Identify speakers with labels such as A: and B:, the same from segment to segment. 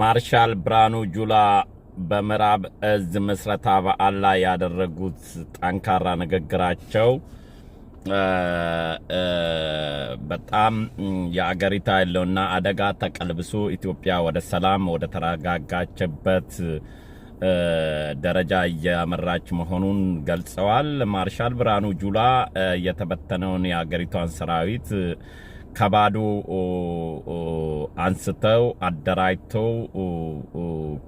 A: ማርሻል ብርሃኑ ጁላ በምዕራብ እዝ ምስረታ በዓል ላይ ያደረጉት ጠንካራ ንግግራቸው በጣም የአገሪቷ ያለውና አደጋ ተቀልብሶ ኢትዮጵያ ወደ ሰላም ወደ ተረጋጋችበት ደረጃ እያመራች መሆኑን ገልጸዋል። ማርሻል ብርሃኑ ጁላ የተበተነውን የአገሪቷን ሰራዊት ከባዱ አንስተው አደራጅተው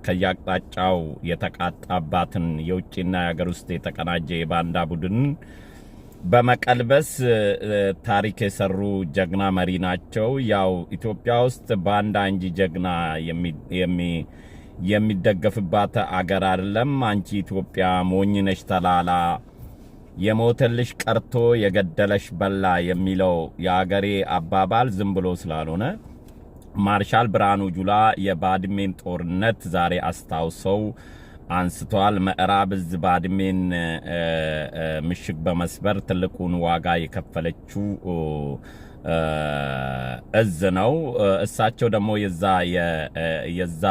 A: ከያቅጣጫው የተቃጣባትን የውጭና የሀገር ውስጥ የተቀናጀ የባንዳ ቡድን በመቀልበስ ታሪክ የሰሩ ጀግና መሪ ናቸው። ያው ኢትዮጵያ ውስጥ ባንዳ እንጂ ጀግና የሚደገፍባት አገር አይደለም። አንቺ ኢትዮጵያ ሞኝ ነሽ ተላላ የሞተልሽ ቀርቶ የገደለሽ በላ የሚለው የአገሬ አባባል ዝም ብሎ ስላልሆነ ማርሻል ብርሃኑ ጁላ የባድሜን ጦርነት ዛሬ አስታውሰው አንስቷል። ምዕራብ እዝ ባድሜን ምሽግ በመስበር ትልቁን ዋጋ የከፈለችው እዝ ነው። እሳቸው ደግሞ የዛ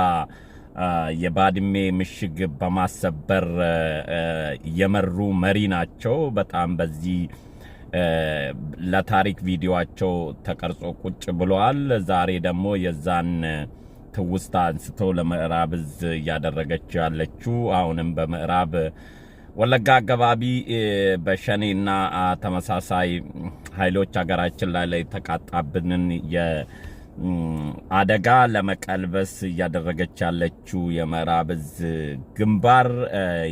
A: የባድሜ ምሽግ በማሰበር የመሩ መሪ ናቸው። በጣም በዚህ ለታሪክ ቪዲዮቸው ተቀርጾ ቁጭ ብለዋል። ዛሬ ደግሞ የዛን ትውስታ አንስቶ ለምዕራብ እዝ እያደረገች ያለችው አሁንም በምዕራብ ወለጋ አካባቢ በሸኔና ተመሳሳይ ኃይሎች ሀገራችን ላይ ላይ ተቃጣብንን አደጋ ለመቀልበስ እያደረገች ያለችው የምዕራብ ዕዝ ግንባር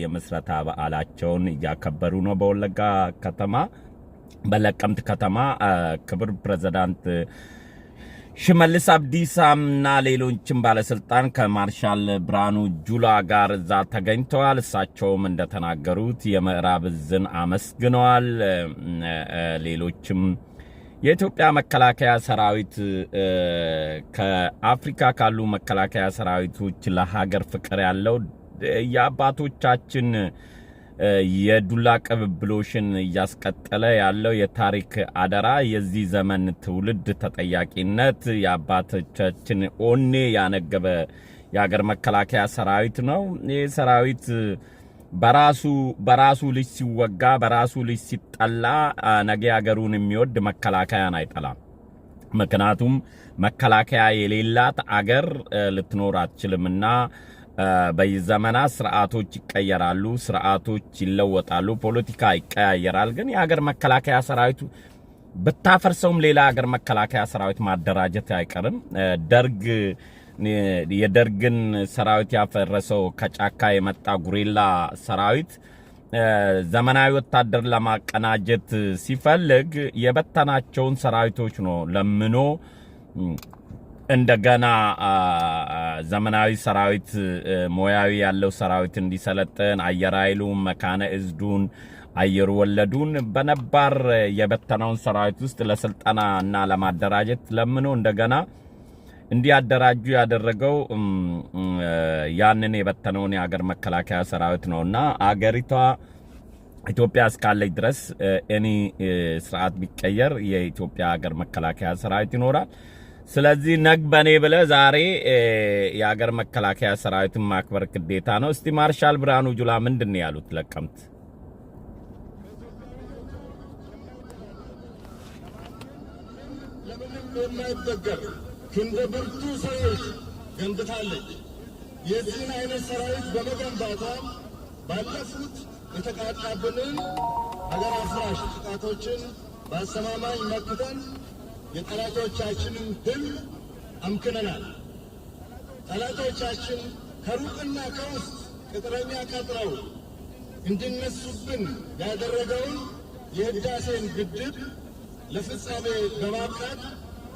A: የምስረታ በዓላቸውን እያከበሩ ነው። በወለጋ ከተማ በለቀምት ከተማ ክብር ፕሬዚዳንት ሽመልስ አብዲሳምና ሌሎችም ባለስልጣን ከማርሻል ብርሃኑ ጁላ ጋር እዛ ተገኝተዋል። እሳቸውም እንደተናገሩት የምዕራብ ዝን አመስግነዋል። ሌሎችም የኢትዮጵያ መከላከያ ሰራዊት ከአፍሪካ ካሉ መከላከያ ሰራዊቶች ለሀገር ፍቅር ያለው የአባቶቻችን የዱላ ቅብብሎሽን እያስቀጠለ ያለው የታሪክ አደራ የዚህ ዘመን ትውልድ ተጠያቂነት የአባቶቻችን ኦኔ ያነገበ የሀገር መከላከያ ሰራዊት ነው። ይህ ሰራዊት በራሱ በራሱ ልጅ ሲወጋ በራሱ ልጅ ሲጠላ ነገ አገሩን የሚወድ መከላከያን አይጠላም። ምክንያቱም መከላከያ የሌላት አገር ልትኖር አትችልምና በዘመናት ስርዓቶች ይቀየራሉ፣ ስርዓቶች ይለወጣሉ፣ ፖለቲካ ይቀያየራል። ግን የሀገር መከላከያ ሰራዊቱ ብታፈርሰውም ሌላ ሀገር መከላከያ ሰራዊት ማደራጀት አይቀርም። ደርግ የደርግን ሰራዊት ያፈረሰው ከጫካ የመጣ ጉሪላ ሰራዊት ዘመናዊ ወታደር ለማቀናጀት ሲፈልግ የበተናቸውን ሰራዊቶች ነው ለምኖ እንደገና ዘመናዊ ሰራዊት ሙያዊ ያለው ሰራዊት እንዲሰለጥን አየር ኃይሉን፣ መካነ እዝዱን፣ አየር ወለዱን በነባር የበተናውን ሰራዊት ውስጥ ለስልጠና እና ለማደራጀት ለምኖ እንደገና እንዲያደራጁ ያደረገው ያንን የበተነውን የሀገር መከላከያ ሰራዊት እና አገሪቷ ኢትዮጵያ እስካለች ድረስ እኔ ስርዓት ቢቀየር የኢትዮጵያ ሀገር መከላከያ ሰራዊት ይኖራል። ስለዚህ ነግ በኔ ብለ ዛሬ የሀገር መከላከያ ሰራዊትን ማክበር ግዴታ ነው። እስቲ ማርሻል ብርሃኑ ጁላ ምንድን ነው ያሉት ለቀምት የማይበገር ክንደ ብርቱ ሰዎች ገንብታለች። የዚህን አይነት ሰራዊት በመገንባቷ ባለፉት የተቃጣብንን ሀገር አፍራሽ ጥቃቶችን በአስተማማኝ መክተን የጠላቶቻችንን ድል አምክነናል። ጠላቶቻችን ከሩቅና ከውስጥ ቅጥረኛ ቀጥረው እንዲነሱብን ያደረገውን የህዳሴን ግድብ ለፍጻሜ በማብቃት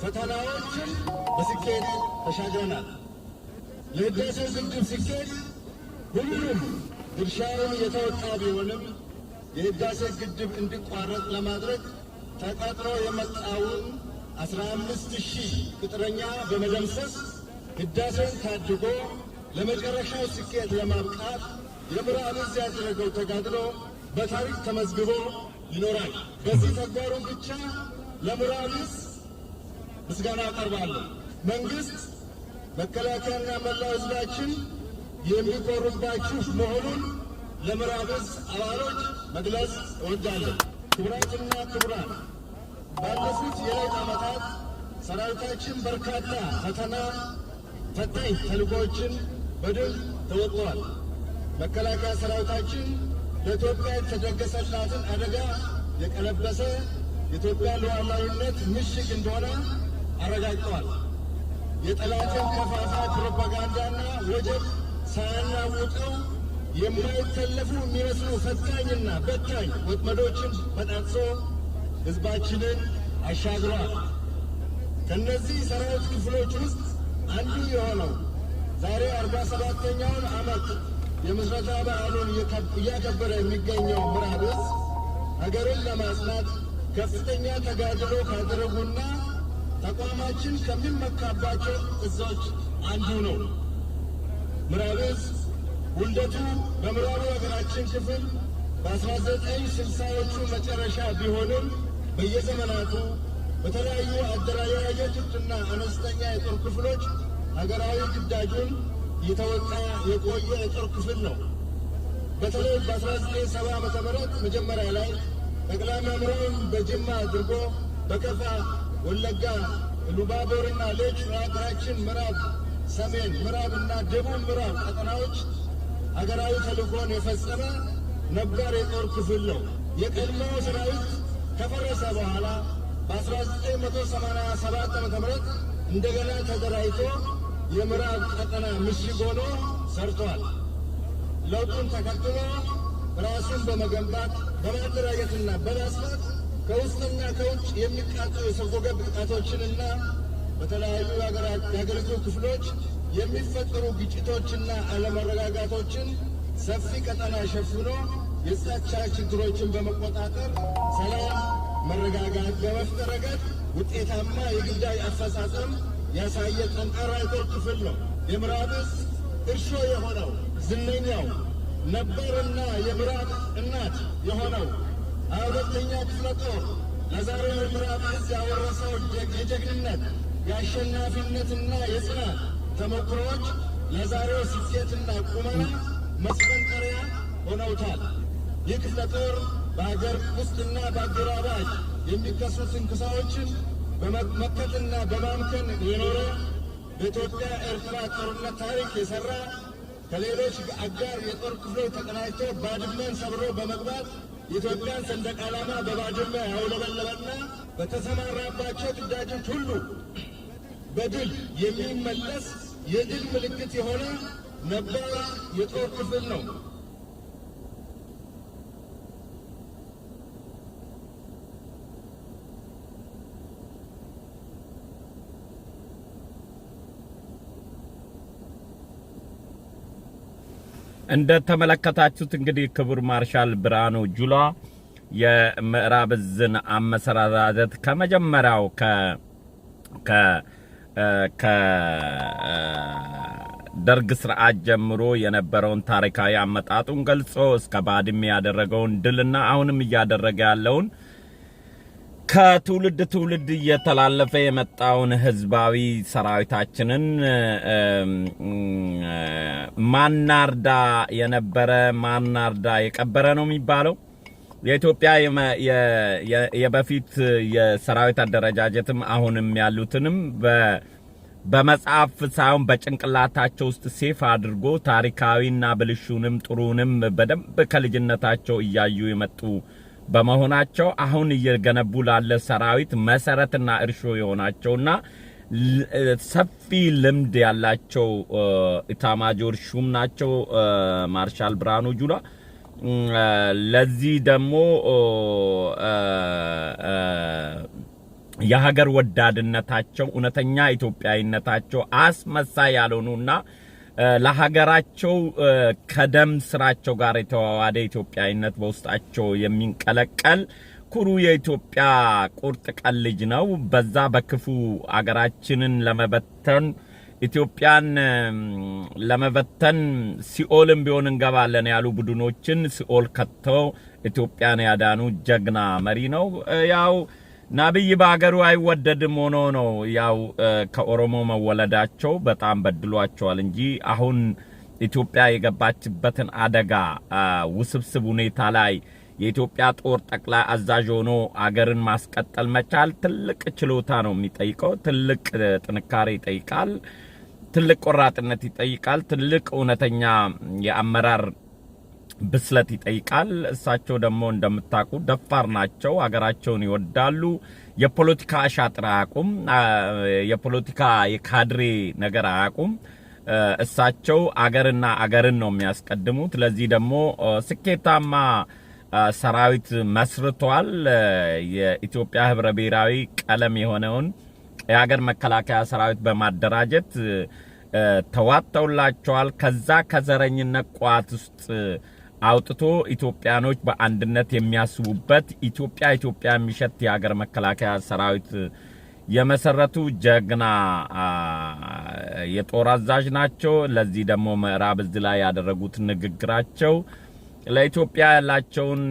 A: ፈተናዎችን በስኬት ተሻግረናል። የህዳሴው ግድብ ስኬት ሁሉም ድርሻውን የተወጣ ቢሆንም የህዳሴ ግድብ እንዲቋረጥ ለማድረግ ተቀጥሮ የመጣውን አስራ አምስት ሺህ ቅጥረኛ በመደምሰስ ህዳሴን ታድጎ ለመጨረሻው ስኬት ለማብቃት የምዕራብ ዕዝ ያደረገው ተጋድሎ በታሪክ ተመዝግቦ ይኖራል። በዚህ ተግባሩ ብቻ ለምዕራብ ዕዝ ምስጋና አቀርባለሁ። መንግስት፣ መከላከያና መላው ህዝባችን የሚኮሩባችሁ መሆኑን ለምዕራብ አባሎች መግለጽ እወዳለሁ። ክቡራትና ክቡራን፣ ባለፉት የለውጥ ዓመታት ሰራዊታችን በርካታ ፈተና ፈታኝ ተልጎዎችን በድል ተወጥተዋል። መከላከያ ሰራዊታችን ለኢትዮጵያ የተደገሰላትን አደጋ የቀለበሰ የኢትዮጵያ ሉዓላዊነት ምሽግ እንደሆነ አረጋግጠዋል። የጠላትን ከፋፋ ፕሮፓጋንዳና ወጀብ ሳያናውጠው የማይተለፉ የሚመስሉ ፈታኝና በታኝ ወጥመዶችን በጣጥሶ ሕዝባችንን አሻግሯል። ከእነዚህ ሰራዊት ክፍሎች ውስጥ አንዱ የሆነው ዛሬ አርባ ሰባተኛውን ዓመት የምስረታ በዓሉን እያከበረ የሚገኘው ምዕራብ ሀገርን ለማጽናት ከፍተኛ ተጋድሎ ካደረጉና ተቋማችን ከሚመካባቸው እዞች አንዱ ነው። ምዕራብ እዝ ውልደቱ በምዕራቡ ሀገራችን ክፍል በ1960ዎቹ መጨረሻ ቢሆንም በየዘመናቱ በተለያዩ አደረጃጀቶችና አነስተኛ የጦር ክፍሎች ሀገራዊ ግዳጁን የተወጣ የቆየ የጦር ክፍል ነው። በተለይ በ1970 ዓ.ም መጀመሪያ ላይ ጠቅላይ መምሪያውን በጅማ አድርጎ በከፋ ወለጋ፣ ሉባቦርና ሌጅ የሀገራችን ምዕራብ፣ ሰሜን እና ደቡብ ምዕራብ ቀጠናዎች ሀገራዊ ተልእኮን የፈጸመ ነባር የጦር ክፍል ነው። የቀድሞ ሰራዊት ከፈረሰ በኋላ በ1987 ዓ ም እንደገና ተደራጅቶ የምዕራብ ቀጠና ምሽግ ሆኖ ሰርቷል። ለውጡን ተከትሎ ራሱን በመገንባት በማደራጀትና በማስፋት ከውስጥና ከውጭ የሚቃጠሉ የሰርጎ ገብ ጥቃቶችንና በተለያዩ የሀገሪቱ ክፍሎች የሚፈጠሩ ግጭቶችና አለመረጋጋቶችን ሰፊ ቀጠና ሸፍኖ የጸጥታ ችግሮችን በመቆጣጠር ሰላም፣ መረጋጋት በመፍጠር ረገድ ውጤታማ የግዳጅ አፈጻጸም ያሳየ ጠንካራ የጦር ክፍል ነው። የምዕራብ ዕዝ እርሾ የሆነው ዝነኛው ነበርና የምዕራብ እናት የሆነው አበተኛው ክፍለ ጦር ለዛሬው ምዕራብ እዝ ያወረሰው የጀግንነት የአሸናፊነትና የጽናት ተሞክሮዎች ለዛሬው ስኬትና ቁመና መስፈንጠሪያ ሆነውታል። ይህ ክፍለ ጦር በአገር ውስጥና በአገራባጅ የሚከሱ እንክሳዎችን በመመከትና በማምከን የኖረ በኢትዮጵያ ኤርትራ ጦርነት ታሪክ የሰራ ከሌሎች አጋር የጦር ክፍሎች ተቀናጅቶ ባድመን ሰብሮ በመግባት የኢትዮጵያን ሰንደቅ ዓላማ በባድመ ያውለበለበና በተሰማራባቸው ግዳጆች ሁሉ በድል የሚመለስ የድል ምልክት የሆነ ነባራ የጦር ክፍል ነው።
B: እንደተመለከታችሁት እንግዲህ ክቡር ማርሻል ብርሃኑ ጁላ የምዕራብ እዝን አመሰራዛዘት ከመጀመሪያው ከ ከ ከደርግ ስርዓት ጀምሮ የነበረውን ታሪካዊ አመጣጡን ገልጾ እስከ ባድሜ ያደረገውን ድልና አሁንም እያደረገ ያለውን ከትውልድ ትውልድ እየተላለፈ የመጣውን ህዝባዊ ሰራዊታችንን ማናርዳ የነበረ ማናርዳ የቀበረ ነው የሚባለው። የኢትዮጵያ የበፊት የሰራዊት አደረጃጀትም አሁንም ያሉትንም በመጽሐፍ ሳይሆን በጭንቅላታቸው ውስጥ ሴፍ አድርጎ ታሪካዊና ብልሹንም ጥሩንም በደንብ ከልጅነታቸው እያዩ የመጡ በመሆናቸው አሁን እየገነቡ ላለ ሰራዊት መሰረትና እርሾ የሆናቸውና ሰፊ ልምድ ያላቸው ኢታማጆር ሹም ናቸው ማርሻል ብርሃኑ ጁላ። ለዚህ ደግሞ የሀገር ወዳድነታቸው፣ እውነተኛ ኢትዮጵያዊነታቸው አስመሳይ ያልሆኑና ለሀገራቸው ከደም ስራቸው ጋር የተዋዋደ ኢትዮጵያዊነት በውስጣቸው የሚንቀለቀል ኩሩ የኢትዮጵያ ቁርጥ ቀን ልጅ ነው። በዛ በክፉ አገራችንን ለመበተን ኢትዮጵያን ለመበተን ሲኦልም ቢሆን እንገባለን ያሉ ቡድኖችን ሲኦል ከተው ኢትዮጵያን ያዳኑ ጀግና መሪ ነው ያው ናብይ በአገሩ አይወደድም ሆኖ ነው ያው ከኦሮሞ መወለዳቸው በጣም በድሏቸዋል እንጂ አሁን ኢትዮጵያ የገባችበትን አደጋ ውስብስብ ሁኔታ ላይ የኢትዮጵያ ጦር ጠቅላይ አዛዥ ሆኖ አገርን ማስቀጠል መቻል ትልቅ ችሎታ ነው የሚጠይቀው። ትልቅ ጥንካሬ ይጠይቃል። ትልቅ ቆራጥነት ይጠይቃል። ትልቅ እውነተኛ የአመራር ብስለት ይጠይቃል። እሳቸው ደግሞ እንደምታውቁ ደፋር ናቸው። ሀገራቸውን ይወዳሉ። የፖለቲካ አሻጥር አያውቁም። የፖለቲካ የካድሬ ነገር አያውቁም። እሳቸው አገርና አገርን ነው የሚያስቀድሙት። ለዚህ ደግሞ ስኬታማ ሰራዊት መስርቷል። የኢትዮጵያ ህብረ ብሔራዊ ቀለም የሆነውን የሀገር መከላከያ ሰራዊት በማደራጀት ተዋጥተውላቸዋል። ከዛ ከዘረኝነት ቋት ውስጥ አውጥቶ ኢትዮጵያኖች በአንድነት የሚያስቡበት ኢትዮጵያ ኢትዮጵያ የሚሸት የሀገር መከላከያ ሰራዊት የመሰረቱ ጀግና የጦር አዛዥ ናቸው። ለዚህ ደግሞ ምዕራብ እዝ ላይ ያደረጉት ንግግራቸው ለኢትዮጵያ ያላቸውን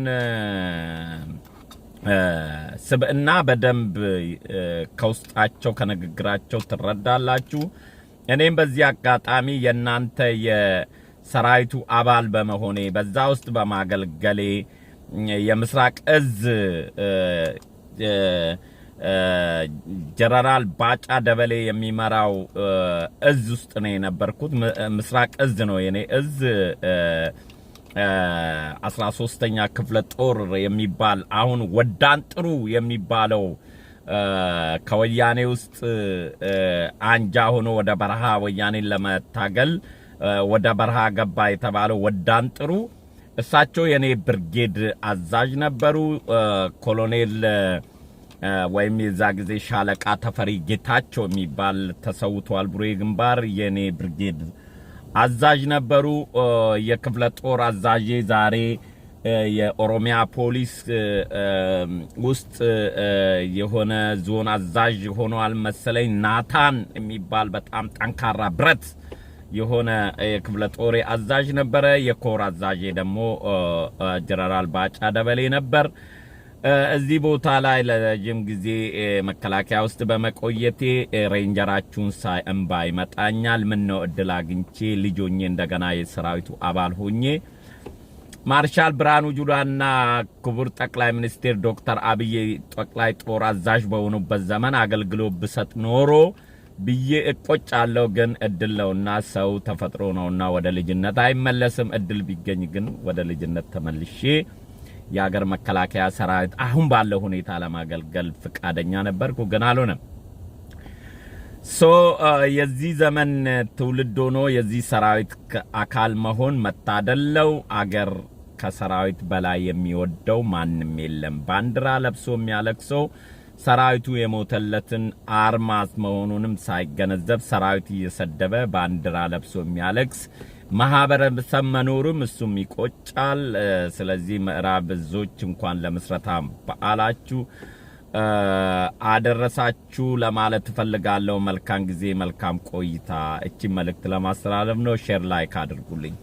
B: ስብዕና በደንብ ከውስጣቸው ከንግግራቸው ትረዳላችሁ። እኔም በዚህ አጋጣሚ የእናንተ ሰራዊቱ አባል በመሆኔ በዛ ውስጥ በማገልገሌ የምስራቅ እዝ ጀነራል ባጫ ደበሌ የሚመራው እዝ ውስጥ ነው የነበርኩት። ምስራቅ እዝ ነው የኔ እዝ። አስራ ሶስተኛ ክፍለ ጦር የሚባል አሁን ወዳን ጥሩ የሚባለው ከወያኔ ውስጥ አንጃ ሆኖ ወደ በረሃ ወያኔን ለመታገል ወደ በረሃ ገባ የተባለው ወዳን ጥሩ እሳቸው የኔ ብርጌድ አዛዥ ነበሩ። ኮሎኔል ወይም የዛ ጊዜ ሻለቃ ተፈሪ ጌታቸው የሚባል ተሰውተዋል። ቡሬ ግንባር የኔ ብርጌድ አዛዥ ነበሩ። የክፍለ ጦር አዛዤ ዛሬ የኦሮሚያ ፖሊስ ውስጥ የሆነ ዞን አዛዥ ሆኗል መሰለኝ። ናታን የሚባል በጣም ጠንካራ ብረት የሆነ የክፍለ ጦሬ አዛዥ ነበረ። የኮር አዛዥ ደግሞ ጀነራል ባጫ ደበሌ ነበር። እዚህ ቦታ ላይ ለረጅም ጊዜ መከላከያ ውስጥ በመቆየቴ ሬንጀራችሁን ሳይ እንባ ይመጣኛል። ምን ነው እድል አግኝቼ ልጆኜ እንደገና የሰራዊቱ አባል ሆኜ ማርሻል ብርሃኑ ጁላና ክቡር ጠቅላይ ሚኒስትር ዶክተር አብይ ጠቅላይ ጦር አዛዥ በሆኑበት ዘመን አገልግሎት ብሰጥ ኖሮ ብዬ እቆጫለሁ። ግን እድል ነውና ሰው ተፈጥሮ ነውና ወደ ልጅነት አይመለስም። እድል ቢገኝ ግን ወደ ልጅነት ተመልሼ የሀገር መከላከያ ሰራዊት አሁን ባለው ሁኔታ ለማገልገል ፍቃደኛ ነበርኩ፣ ግን አልሆነም። ሶ የዚህ ዘመን ትውልድ ሆኖ የዚህ ሰራዊት አካል መሆን መታደለው። አገር ከሰራዊት በላይ የሚወደው ማንም የለም። ባንዲራ ለብሶ የሚያለቅሰው ሰራዊቱ የሞተለትን አርማዝ መሆኑንም ሳይገነዘብ ሰራዊት እየሰደበ ባንዲራ ለብሶ የሚያለቅስ ማህበረሰብ መኖሩም እሱም ይቆጫል። ስለዚህ ምዕራብ እዞች እንኳን ለምስረታ በዓላችሁ አደረሳችሁ ለማለት እፈልጋለሁ። መልካም ጊዜ፣ መልካም ቆይታ። እቺ መልእክት ለማስተላለፍ ነው። ሼር ላይክ አድርጉልኝ።